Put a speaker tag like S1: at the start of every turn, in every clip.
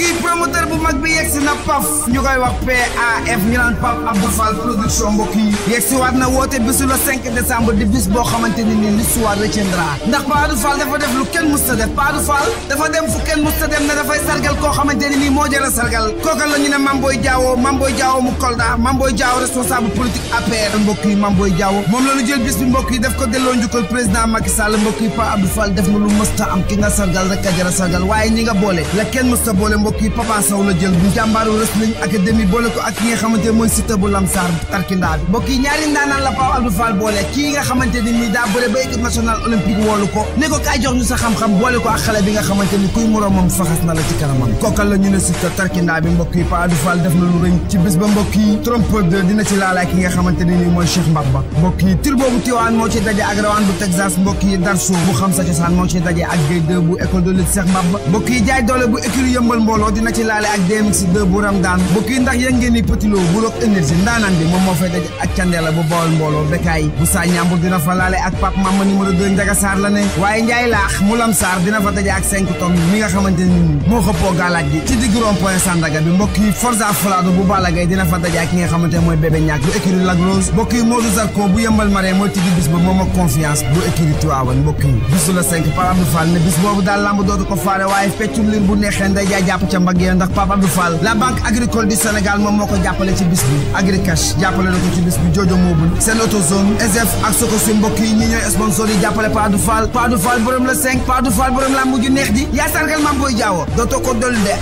S1: keep promoting. mag bi yegsi na paf ñu koy ndax Pape Abdou Fall dafa def lu kenn musta def Pape Abdou dafa dem fu kenn musta dem ne dafay sargal koo xamante ni nii moo jël a sargal kooka la ñu ne Mamboy Diawo Mamboy Diawo mu Kolda Mamboy Diawo responsable politique APR mbokk yi Mamboy Diawo moom la ñu jël bis bi mbokk def ko delloo njukkal président Macky Sall mbokk yi Pape def na lu musta am sargal rek a a sargal waaye ñi nga boole la kenn musta boole mbokk jël bu jàmbaaru wrestling académie boole ko ak ki nga xamante mooy Siteu bu tarkindaa bi mbokk yi ñaari la Pape Abdou boole kii nga xamante ni nii daa bëre ba équipe nationale olympique woolu ko ne ko ñu sa xam-xam boole ko ak xale nga xamante kuy moroomam faxas na ci kanamam kookal la ñu ne Siteu tarkindaa bi mbokk yi Pape Abdou lu rëñ ci bis ba mbokk yi dina ci laalaay ak rawaan bu bu xam sa cosaan moo ci daje DMX 2 bu Ramdaan bokk yi ndax yéen ngeen ni Petit Lo bu Rock Énergie ndaanaan bi moom moo fay daje ak Candela bu Bawol mbooloo Bekaay bu Saa Ñambu dina fa laale ak Pape Mama numéro 2 Njaga Saar waaye Njaay Laax mu Lam Saar dina fa daje ak 5 tonnes mi nga xamante moo xëppoo gaalaaj gi ci digg rond Sandaga bi mbokk yi Forza bu Balla dina fa daje ak ki nga mooy Bébé ak bu écurie Tivaouane mbokk yi bisu la bu neexee Abdou Fall la banque agricole du Sénégal moom moo ko ci bis Agricash jàppale na bi Jojo Mobile seen autozone SDF ak soko su mbokk ñi ñooy sponsor yi jàppale Pa Abdou la 5 Pa Abdou Fall la mujj neex ji yaa sargal maam booy jaawo dootoo ko dolli de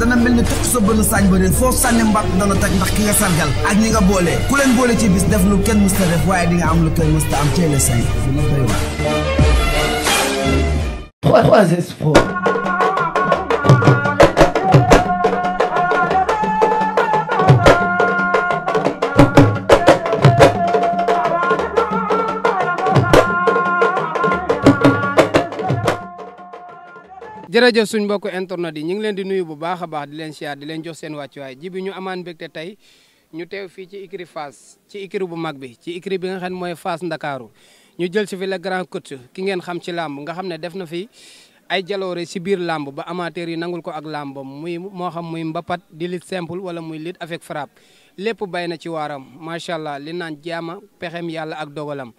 S1: dana mel ni tukk sa bënn saañ ba réer foo sànni mbatt dana toj ndax ki nga sargal ak ñi nga boole ku leen boole ci bis def lu kenn mës ta def waaye di nga am lu kenn mës
S2: jërëjëf suñ mbokk internet yi ñu ngi leen di nuyu bu baax a baax di leen siyaar di leen jox seen wàccuwaay ji bi ñu amaan mbégte tey ñu teew fii ci écurie Fass ci écurie bu mag bi ci écurie bi nga xam ne mooy Fass Ndakaaru ñu jël si fi le ki ngeen xam ci làmb nga xam ne def na fi ay jaloore si biir làmb ba amateur yi nangul ko ak làmbam muy moo xam muy mbapat di lutte simple wala muy lutte avec frappe lépp bay na ci waaram macha allah li naan jaama pexem yàlla ak dogalam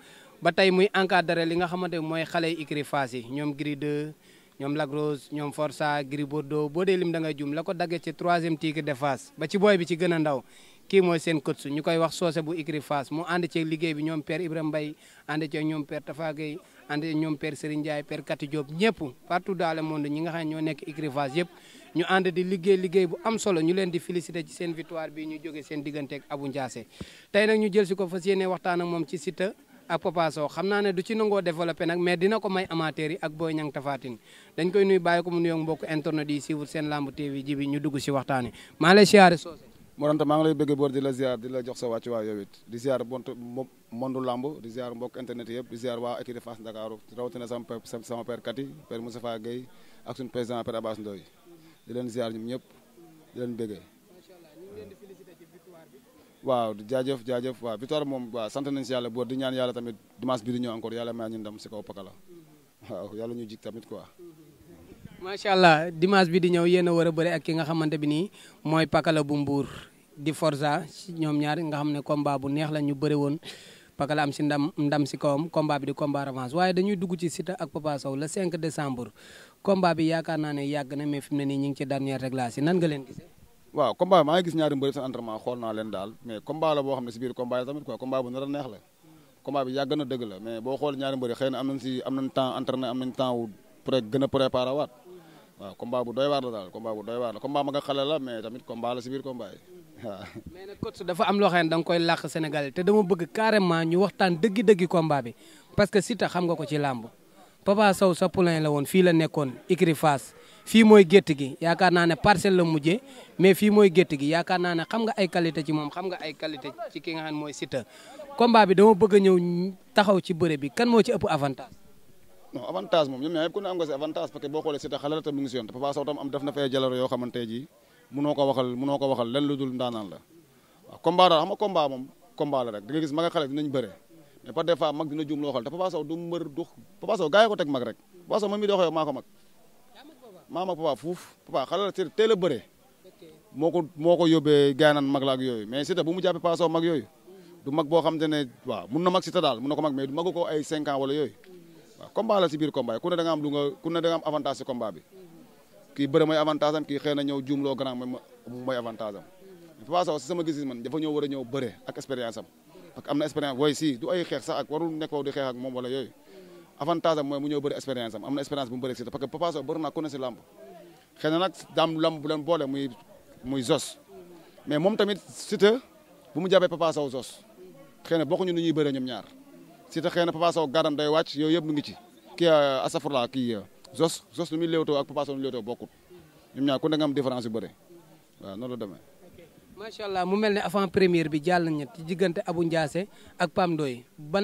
S2: ba tey muy encadré li nga xamante mooy xale yi écurie yi ñoom Gris ñoom Lac Rose ñoom Forza Gris Bordeaux boo dee lim da jum la ko daggee ci troisième tigre de Fass ba ci booy bi ci gën ndaw kii mooy seen coach su ñu koy wax soose bu écurie Fass mu ànd ceeg liggéey bi ñoom père Ibrahima Mbaye ànd ceeg ñoom père Tafa Gueye ñoom père Serigne Ndiaye père Kati ñëpp partout dans le monde ñi nga xam ne ñoo nekk écurie Fass yëpp ñu ànd di liggéey liggéey bu am solo ñu leen di féliciter ci seen victoire bi ñu jógee seen diggante ak Abou Ndiassé tey ak Papa xam naa ne du ci nangoo développé nag mais dina ko may amateur yi ak Boy Niang Tapha Tine dañ koy nuy bàyyi ko mu nuyoog mbokk internet yi siiwul seen lamb TV ji bi ñu dugg si waxtaan wi maa lay siyaare Socé. maa ngi lay bëgg boor di
S3: la ziar di la jox sa wàccu waa yow it di ziar bont mondu lamb di ziar mbokk internet yëpp di ziar waa équipe de Fass Ndakaaru rawatina sama sama père Kati père Moustapha Gueye ak suñu président père Abass di leen ziar ñoom ñëpp di leen bëggee waaw jaajëf jaajëf waaw victoire moom waaw sant nañ si yàlla boor di ñaan yàlla tamit dimanche bi di ñëw encore yàlla may ñu ndam si kaw pakala waaw yàlla ñu jik tamit quoi
S2: macha allah dimanche bi di ñëw yéen a war a bëri ak ki nga xamante bi nii mooy pakala bu mbuur di forza ñoom ñaar nga xam ne combat bu neex la ñu bëri woon pakala am si ndam ndam si kawam combat bi di combat revanche waaye dañuy dugg ci Siteu ak Papa Sow le 5 décembre combat bi yaakaar naa ne yàgg na mais fi mu ne nii ñu ngi ci dernier réglage yi nan nga leen
S3: waaw combat maa ngi gis ñaari mbëri seen entraînement xool naa leen daal mais combat la boo xam ne si biir combat la bu nar a neex la combat bi a préparé bu doy waar la daal combat bu doy waar la combat ma nga xale la mais tamit combat la si biir combat yi
S2: bi parce que Siteu xam nga ko ci làmb Papa Sow sa poulain la woon fii la nekkoon écurie fii mooy gétt gi yaakaar naa ne parcelle la mujjee mais fii mooy gétt gi yaakaar naa ne xam nga ay qualité ci moom xam nga ay qualité ci ki nga xam mooy Siteu combat bi dama bëgg a ñëw taxaw ci bëre bi kan moo ci ëpp avantage.
S3: non avantage moom ñoom ñaar yëpp ku ne am nga si avantage parce que boo xoolee Siteu xale la tam mu ngi si yoon te Papa Sow tam am def na fay jaloore yoo xamante ji munoo ko waxal munoo ko waxal lenn lu dul ndaanaan la waaw combat daal xam nga combat moom combat la rek da nga gis mag ak xale dinañ bëre mais par des fois mag dina juum loo xool te Papa Sow du mbër du Papa Sow gaa yi ko teg mag rek Papa Sow moom mii di wax yow maa ko mag maam ak papa fuuf papa xala si teel a bëre moo ko moo ko yóbbee gaynaan mag la yooyu mais Siteu bu mu jàppee Papa Sow mag yooyu du mag boo xam te waaw mun na mag Siteu daal mun na ko mag mais du magu ko ay 5 ans wala yooyu waaw combat la si biir combat yi ku ne da nga am lu nga ku ne da nga avantage si combat bi kii bëre mooy avantage am kii xëy na ñëw juumloo grand mooy avantage am Papa Sow si sama gis-gis man dafa ñëw war a ñëw bëre ak expérience am parce que am na expérience wooy si ay xeex ak warul nekk di xeex ak moom wala yooyu avantage mooy mu ñëw bëri expérience am am na expérience bu mu bëri Siteu parce que Papa Sow bëri naa ko ne si làmb xëy nag daam làmb bu boole muy zos mais moom tamit Siteu bu mu jàppee Papa Sow zos xëy na bokkuñu nu ñuy bëree ñoom ñaar Siteu xëy na Papa Sow day wàcc yooyu yëpp mu ngi ci a euh, asafurla kii euh, zos zos lu muy léewtoo ak Papa Sow lu léewtoo bokkut ñoom ñaar ku ne nga différence yu bëri waaw noonu la demee.
S2: macha allah mu mel ne avant première bi jàll nañu ci diggante Abou Ndiassé ak Pam Ndoye ban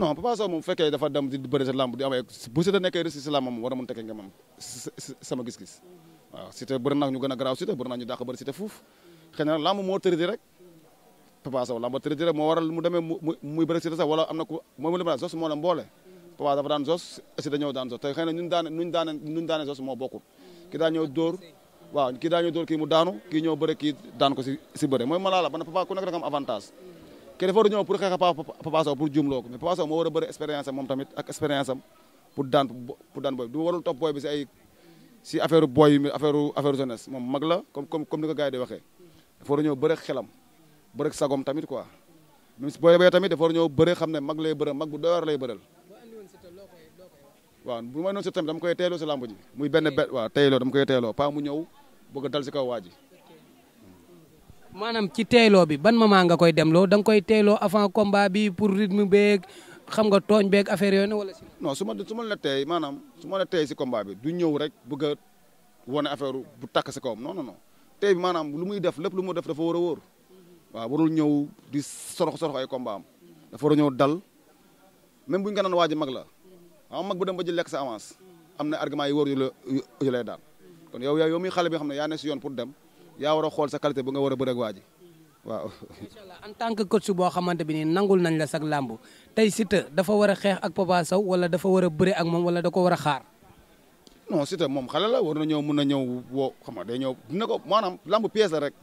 S3: non Papa Sow moom bu fekkee dafa dem di bëri sa lamb di am ay bu Siteu nekkee rek si si lamb moom war na mën tekkee nga mam sama gis-gis waaw Siteu bëri na ñu gën a garaaw Siteu fuuf xëy na moo tëridi rek Papa Sow lamb tëridi rek moo waral mu demee muy bëri Siteu sax wala am na ku moom la ma zos moo moo bokkul ki daa ñëw dóor waaw kii daa ñëw dóor kii mu daanu kii ñëw bëri kii daan ko si si bëri mooy malaala ba na Papa ku nekk da nga am kii dafa war a ñëw pour xeex Papa Sow pour jumloo ko mais Papa Sow war a bëri expérience am moom tamit ak expérience am pour daan booy du warul topp booy bi si ay booy yi jeunesse moom mag la comme comme ni ko gars di waxee dafa war a ñëw bëri xelam bëri sagom tamit quoi même si booy bee tamit dafa war a ñëw bëri xam ne mag lay bëral mag bu doy waar lay bëral waaw bu may noonu si tamit dama koy teeloo si làmb ji muy benn bet waaw teeloo dama koy teeloo pas mu ñëw bëgg dal si kaw waa ji
S2: maanaam ci teeloo bi ban maa nga koy demloo da nga koy teeloo avant combat bi pour rythme beeg xam nga tooñ beeg affaire yooyu wala si.
S3: su ma su ma la tey maanaam su ma la tey si combat bi du ñëw rek bëgg a wane affaire bu takk si kawam non non non tey maanaam lu muy def lépp lu mu def dafa war a wóor waaw warul ñëw di sorox sorox ay combat dafa war a ñëw dal même bu ñu ko naan waaj mag la waaw mag bu dem ba jël lekk sa avance am na argument yi wóor yu la yu lay daan kon yow yow mi xale bi xam ne yaa ne si yoon pour dem. yaa war a xool sa qualité ba nga war a bëre waa ji waaw. macha allah
S2: en tant boo xamante bi nii nangul nañ la sax làmb tey Siteu dafa war a xeex ak Papa Sow wala dafa war a bëre ak moom wala da war a xaar.
S3: non Siteu moom xale la war na ñëw mun na ñëw woo xam nga day ñëw dina ko maanaam làmb pièce la rek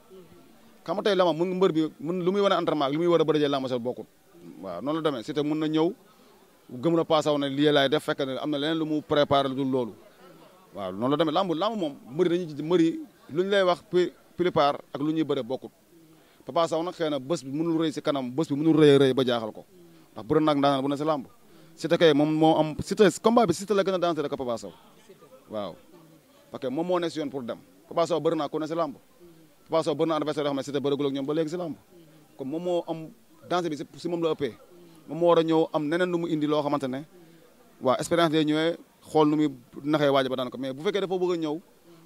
S3: xam nga tey mbër bi mun lu muy wane entraînement ak li muy war a bëre jël làmb sa bokkul waaw noonu la demee Siteu mun na ñëw gëm na Papa na ne lii laay def fekk ne am na leen lu mu préparé dul loolu waaw noonu la demee làmb làmb moom plupart ak lu ñuy bëre bokkut Papa na nag xëy bi munu rëy si kanam bés bi mënul rëy rëy ba jaaxal ko ndax bëri nag daanaka bu ne si làmb moom moo am Siteu combat bi Siteu la gën a dansé rek Papa Sow si yoon pour dem Papa Sow bëri naa ku ne si làmb Papa moom moo am dansé bi si moom la ëppee moom moo war a ñëw am neneen lu mu indi loo xamante ne waaw expérience day ñëwee xool nu muy naxee waaja ba daan ko mais bu fekkee dafa bëgg a ñëw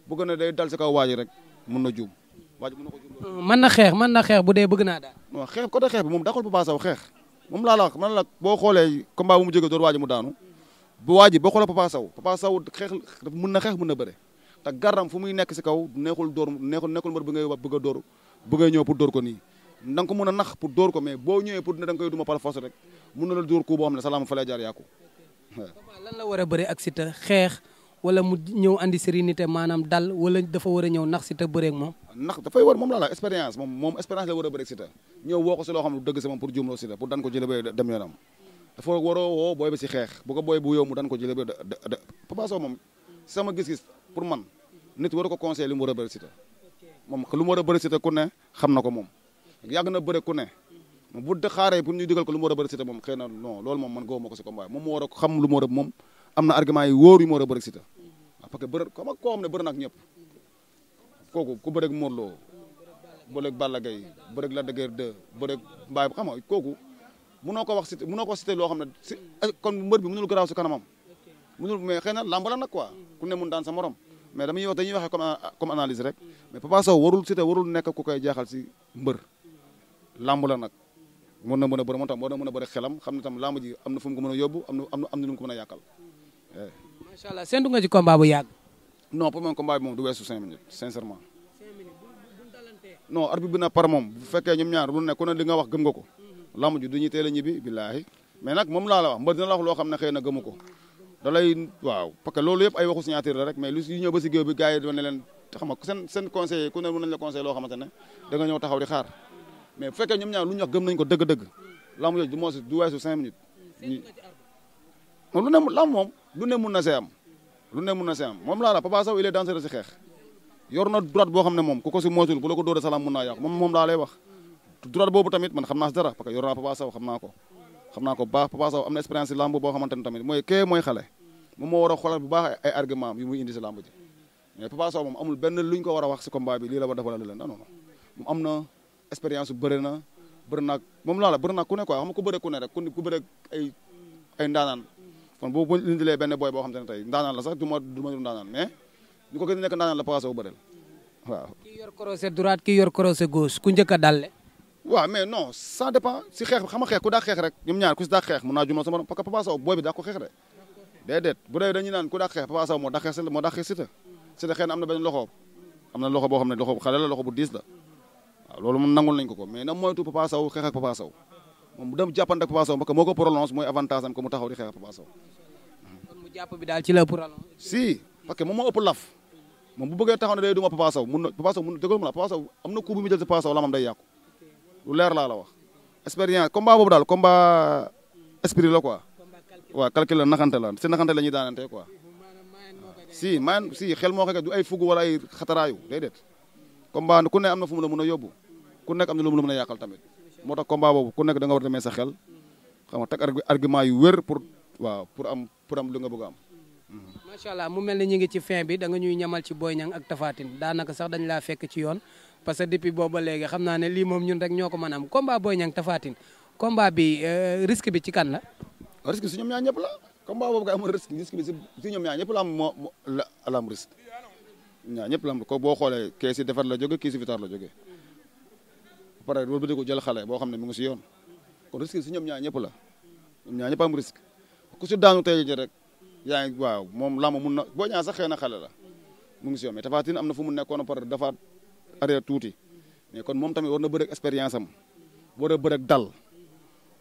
S3: bëgg na day dal si kaw waaji rek mën na juum waaj na ko juum
S2: hmm, na xeex mën na xeex bu dee bëgg naa daal
S3: non xeex côté xeex bi moom daxul Papa xeex moom la wax man la boo xoolee combat bu mu jógee door waaj mu daanu bu waaj boo xoolee Papa Sow Papa Sow xeex dafa mën na xeex mën na bëre te garam fu muy nekk si kaw neexul door neexul nekkul mbër bi ngay bëgg a door bu ngay ñëw pour door ko nii da nga ko mën a nax pour door ko mais boo ñëwee pour dina da nga koy duma par force rek mën na la door ko xam ne salaam fa lay jaar yàqu
S2: war a bëri ak Siteu xeex wala mu ñëw indi sérénité maanaam dal wala dafa war a ñëw nax si te bëreeg moom
S3: nax dafay war moom laa la expérience moom moom expérience la war a bëreeg si ta ñëw woo ko si moom pour juumloo si ta pour dan ko jële ba xeex bu ko booy bu yow mu ko jële ba moom gis-gis pour man nit waru ko conseil li a bëri si ta moom lu mu si ta xam na ko moom a moom moom ma war a xam lu mu a moom am na argument yi wóor yu mu war a bëri si ta parce que bëre comme koo xam ne bëre na ak ñëpp kooku ku bëreeg Modou Lo bëreeg Balla la bëreeg Lac de Guiers 2 bëreeg Mbaye xam nga kooku mënoo ko wax si mënoo ko cité loo xam ne si kon mbër bi mënul garaaw si kanamam mënul mais xëy na làmb la ku ne mun daan sa morom mais dañuy wax dañuy waxee comme comme analyse rek mais Papa Sow warul nekk ku koy jaaxal si mbër làmb la nag mën na mën a bëri moom xelam xam ne tam làmb ji am na fu ko mën a yóbbu am na am na lu a
S2: macha allah séntu nga ci combat bu yàgg.
S3: non pour moom du weesu cinq minutes sincèrement. non arbitre bi par moom bu fekkee ñoom ñaar lu nekk ku ne li nga wax gëm nga ko. lamb ji du ñuy teel a ñibbi billaahi mais nag loo xam ne xëy na gëmu ko da lay waaw parce que loolu yëpp ay waxu signature la rek mais lu si ñëw ba si géew bi gars yi doon ne seen seen ku ne mën nañ la conseiller loo xamante ne ñëw taxaw di xaar mais bu fekkee ñoom ñaar lu ñu wax gëm nañ ko dëgg-dëgg lamb jooju du moo du weesu cinq minutes moom lu ne mu lam moom lu ne mun na see am lu ne mun na see am moom laa la Papa Sow il est danseur si xeex yor na droite boo xam ne moom ku ko si moytul bu la ko dóoree salaam mun naa yàqu moom moom laa lay wax droite boobu ko am moo war a xoolal bu baax ay argument a wax bi lii na expérience su bëri na bëri na na ku ne quoi xam nga ku bëre ku rek ku bëre ay ndaanaan kon bu bu ñu indilee benn booy boo xam te ne tey ndaanaan la sax du ma ndaanaan mais ñu ko gën a nekk ndaanaan la Papa Sow bëreel
S2: waaw. a dalle.
S3: mais non ça dépend si xeex xam xeex ku daa xeex rek ñoom ñaar ku si daa xeex mun naa jumal sama parce Papa Sow booy bi daa ko xeex de. déedéet bu dee dañuy ku daa xeex Papa Sow moo daa xeex si moo si te si na am na benn loxo am na loxo boo xam ne xale la loxo bu diis la waaw loolu moom nangul nañ ko ko na moytu Papa Sow moom mu dem jàppante ak Papa Sow parce que mooy avantage am ko mu taxaw di xeex ak Papa Sow.
S2: mu jàpp bi daal ci la prolonge. si
S3: parce que moom moo ëpp laf moom bu bëggee taxaw ne day duma Papa mun na la Papa Sow am na coup bu mu jël si Papa Sow lamam day yàqu lu leer laa la wax. expérience combat boobu daal combat esprit la quoi waaw calcul la naxante la si naxante la ñuy daanante quoi si man si xel moo xekk du ay fugg wala ay xataraayu déedéet combat ku ne na fu la mën a yóbbu ku nekk am na lu la mën a yàqal tamit. moo tax combat boobu ku nekk da nga war a demee sa xel xam nga teg argument yu wér pour waaw pour am pour am nga bëgg am.
S2: macha allah mu mel ne ñu ngi ci fin bi danga ñuy ñamal ci booy Niang ak Tapha Tine daanaka sax dañ laa fekk ci yoon parce que depuis boobu ba léegi xam naa ne lii moom ñun rek ñoo ko mën a am combat Boy Niang Tapha Tine combat bi euh, risque bi ci kan la. risque si ñoom ñaar ñëpp la combat boobu kay
S3: amul risque risque bi ñëpp la am moo la am risque ñaar ñëpp la am ko boo xoolee kii defar la jóge kii si victoire la jóge ba pare wëlbati ko jël xale boo xam ne mu ngi si yoon kon risque si ñoom ñaar ñëpp la ñoom ñaar ñëpp am ku si daanu tey rek yaa waaw moom làmb mun na boo ñaa sax xëy na xale la mu ngi si yoon mais Tapha Tine am na fu mu nekkoon par dafa arrière tuuti mais kon moom tamit war na bëri expérience am war a bëri dal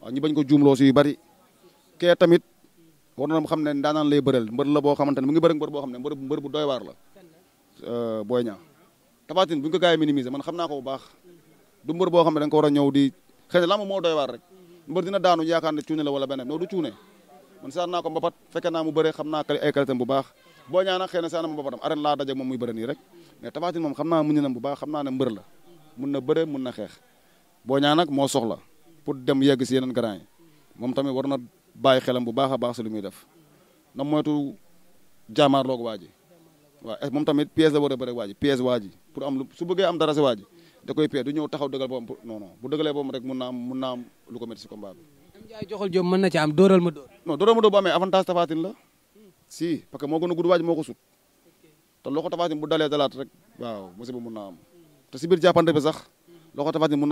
S3: waaw ñu bañ ko juumloo si yu bari kee tamit war na xam ne ndaanaan lay bëreel mbër la boo xamante ne mu ngi bëri mbër boo xam ne mbër bu doy waar la euh, booy ñaa Tapha Tine bu ñu ko gars yi minimiser man xam naa ko bu baax du mbër boo xam ne da nga war a di xëy na lamb moo doy waar rek mbër dina daanu yaakaar ne cuune la wala beneen non du cuune man saan naa ko mbapat fekke naa mu bëre xam naa ay qualité bu baax boo ñaa nag xëy na saan na ma mbapatam arène laa daje moom muy bëre nii rek mais Tapha Tine moom xam naa muñu nam bu baax xam naa ne mbër la mun na bëre mun na xeex boo ñaa nag moo soxla pour dem yegg si yeneen grand moom tamit war na bàyyi xelam bu baax a baax si lu muy def na moytu jaamaar loogu waa ji waaw moom tamit pièce la waa ji waa ji pour am lu su bëggee am dara si waa ji da koy pee du ñëw taxaw dëgal boppam non non bu dëgalee boppam rek mun naa am mun naa am lu ko métti si combat
S2: a
S3: gudd waaj moo ko sut te loxo Tapha Tine bu dalee rek waaw musiba am si biir jàppante bi sax loxo Tapha Tine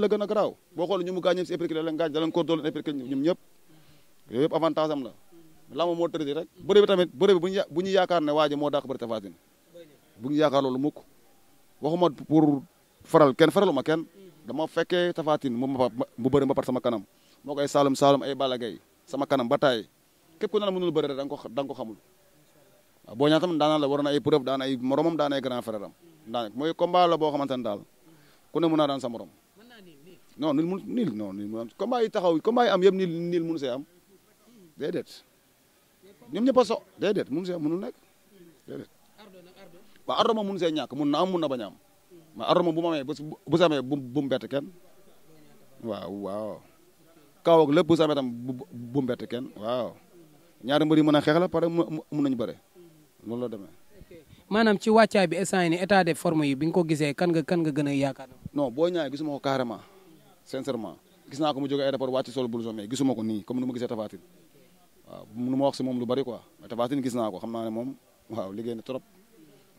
S3: la gën a garaaw boo xoolee ñu mu gaañ ñëpp si uppercut la leen gaañ da leen ko doon uppercut ñoom ñëpp avantage am la lama moo tëri rek bëri bi tamit bëri bu ñu yaakaar ne waaji moo dàq bëri Tapha bu yaakaar loolu mukk waxuma pour faral kenn faraluma kenn dama fekkee tafaatin mu mu bëri mbapat sama kanam moo koy saalum saalum ay Balla Gaye sama kanam ba taay képp ku la mënul bëri da nga ko da ko xamul waaw boo ñaata daanaa la war na ay preuve daan ay moromam daan ay grand frère mooy combat la boo xamante ne daal ku ne mën naa daan morom non nil mun nil yi taxaw combat yi am yëpp nil nil mun see am déedéet ñoom ñëpp a so déedéet mun see am mënul nekk waaw arrondissement mun see ñàkk mun na am mun na bañ am ma arrondissement bu ma amee bu sa amee bu bu mu bett kenn waaw waaw kaw ak lépp bu sa amee bu bu mu bett kenn waaw ñaari mbër yi mën a xeex la pare mun nañu bëre loolu la demee.
S2: maanaam ci wàccaay bi instant ni état de forme yi bi nga ko gisee kan nga kan ga gën a yaakaar.
S3: non boo ñaay gisuma ko carrément sincèrement gis naa ko mu jógee aéroport wàcc sol blouson mee gisuma ko nii comme nu ma gisee Tapha waaw nu ma wax si moom lu bari quoi mais Tapha gis naa ko xam naa ne moom waaw liggéey na trop.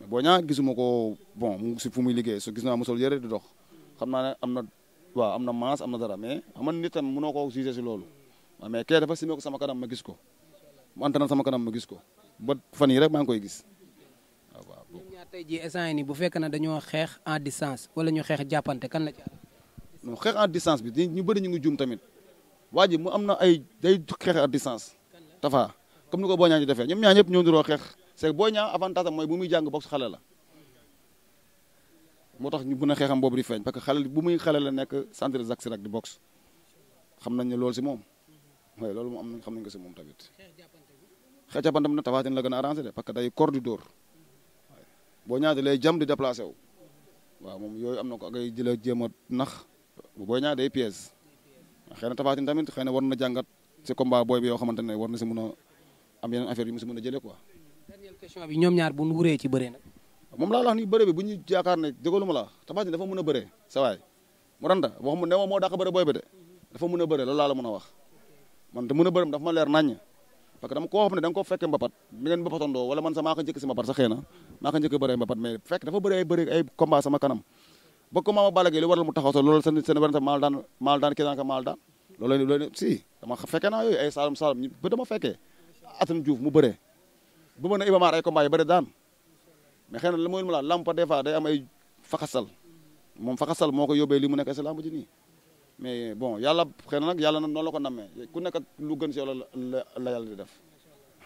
S3: boo ñaa gisuma ko bon si fu muy liggéey so gis naa mu sol yëre di dox xam naa ne am na waaw am na maas am na dara mais aman nit tam noo ko jugé si loolu waaw mais kee dafa simee ko sama kana ma gis ko mu antana sama kanam ma gis ko ba fan yi rek maa ngi koy gis
S2: waaw waaw. ñoom ñaar tey jii instant nii bu fekk na dañoo xeex en distance wala ñu xeex jàppante kan la ci
S3: non xeex en distance bi ñu bëri ñu ngi juum tamit waa ji mu am na ay day xeex en distance. Tafa comme ni ko boo ñaa ñu defee ñoom ñaar ñoo niroo xeex. c'est que Boy Niang mooy bu muy jàng boxe xale la moo tax ñu mën a xeexam boobu di feeñ parce que xale bu muy xale la nekk centre Jacques di boxe xam nañ ne loolu si moom mooy loolu moom am xam nañ ko si moom tamit xeex jàppantam na Tapha Tine la gën a arrangé de parce que day corps du dóor Boy Niang di lay jam di déplacé wu waaw moom yooyu am na ko ak jëla jéem a nax Boy Niang day piège xëy na Tapha Tine tamit xëy na na jàngat si combat booy bi yoo xamante ne war na si mën a am yeneen affaire yi mu si mën a jëlee quoi question bi ñoom ñaar bu ñu wuree ci bëre nag. moom laa la wax ni bëre bi bu ñu yaakaar ne jégalu ma la Tapha Tine dafa mën a bëre sa mu ranta wax mu ne moo dàq bëre booy bi de dafa mën a bëre loolu a a mu taxaw sa loolu seen seen werante maal daan maal ka maal daan loolu loolu si dama fekkee naa yooyu ay saalum saalum ba dama fekkee atam Diouf mu bëree bu mën a ibamaar ay combat yu bëri daan mais xëy na la muy mu laal lamb des fois day am ay faxasal moom faxasal moo ko yóbbee li mu nekk si lamb ji nii mais bon yàlla xëy na nag na noonu la ko nammee ku nekk lu gën la la yàlla di def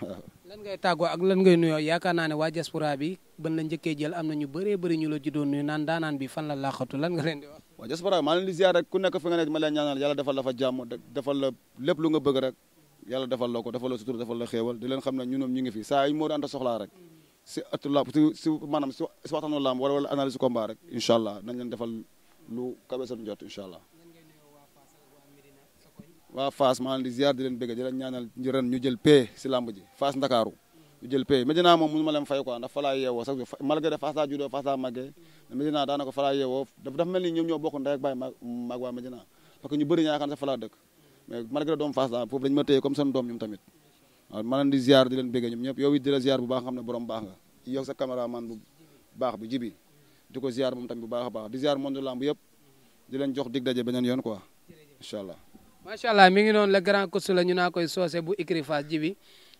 S3: waaw.
S2: lan ngay tàggoo ak lan ngay nuyoo yaakaar naa ne waa diaspora bi ban la njëkkee jël am na ñu bëree bëri ñu la juddoo nuyu naan daanaan bi fan la laaxatu lan nga leen di wax.
S3: waa diaspora maa leen di rek ku nekk fi nga ne ma leen ñaanal yàlla defal la jàmm defal la lépp lu nga bëgg rek yàlla defal la ko defal la sutur defal la xéewal di leen xam ne ñunoom ñu ngi fi saa yu Anta soxlaa rek si ëttu si si maanaam si si waxtaanu làmb wala wala analyse combat rek incha allah nañ leen defal lu kawe seen njot incha allah waa Fass maa ngi leen di ziar di leen bëgg di leen ñaanal ren ñu jël paie si làmb ji Fass Ndakaaru ñu jël paie Medina moom mënu ma leen fay quoi ndax fa laa yeewoo sax malgré de Fass laa juddoo Fass laa màggee Medina daanaka fa dafa mel ni ñoom ñoo bokk ndey ak baay mag waa Medina parce que ñu bëri ñaakaan dëkk mais malgré doomu Fass daal foofu dañu ma téye comme seen doom ñoom tamit waaw ma leen di ziar di leen béggee ñoom ñëpp yow it di la ziar bu baax xam ne borom baax nga yow sa caméraman bu baax bi jibi di ko ziar moom tamit bu baax a baax di ziar monde di leen jox dig le
S2: grand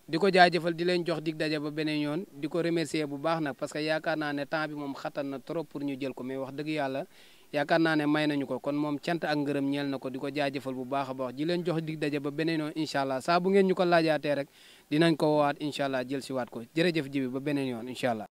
S2: di ko jaajëfal di leen jox dig daje ba beneen yoon di ko remercier bu baax nag parce que yaakaar naa ne temps bi moom xatan na trop pour ñu jël ko mais wax dëgg yàlla yaakaar naa ne may nañu ko kon moom cant ak ngërëm ñeel na ko di ko jaajëfal bu baax a baax ji leen jox dig daje ba beneen yoon incha allah saa bu ngeen ñu ko laajaatee rek dinañ ko waat incha allah jël si waat ko jërëjëf ji bi ba beneen yoon incha allah.